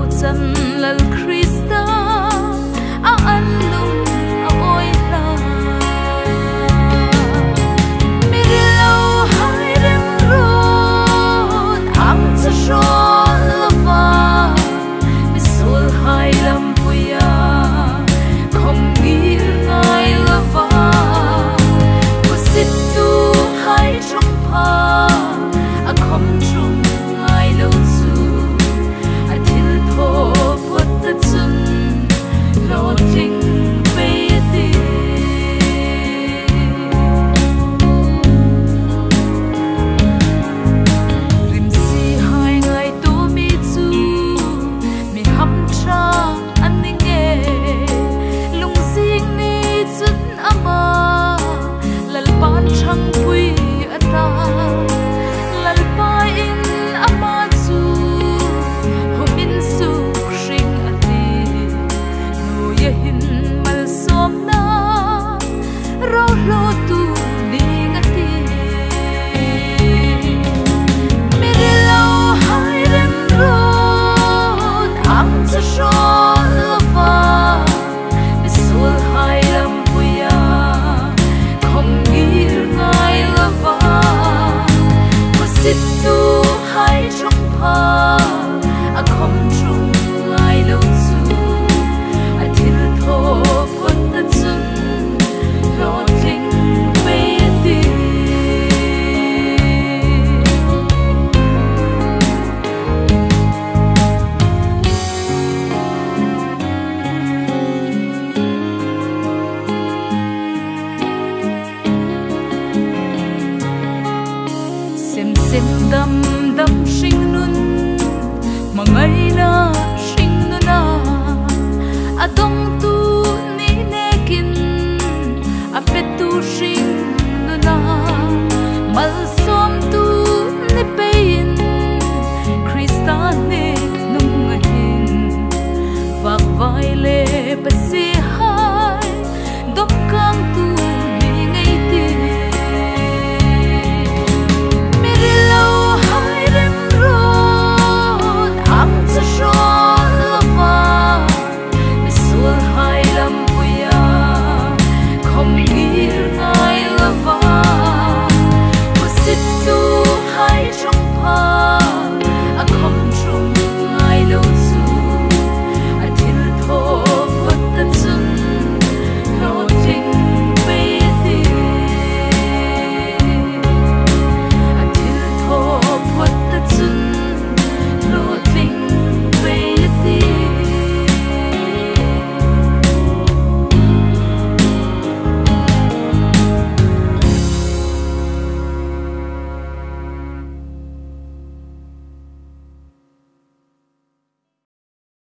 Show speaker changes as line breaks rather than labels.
وتسلل الكريم Oh. tâm sinh luân mà ngày na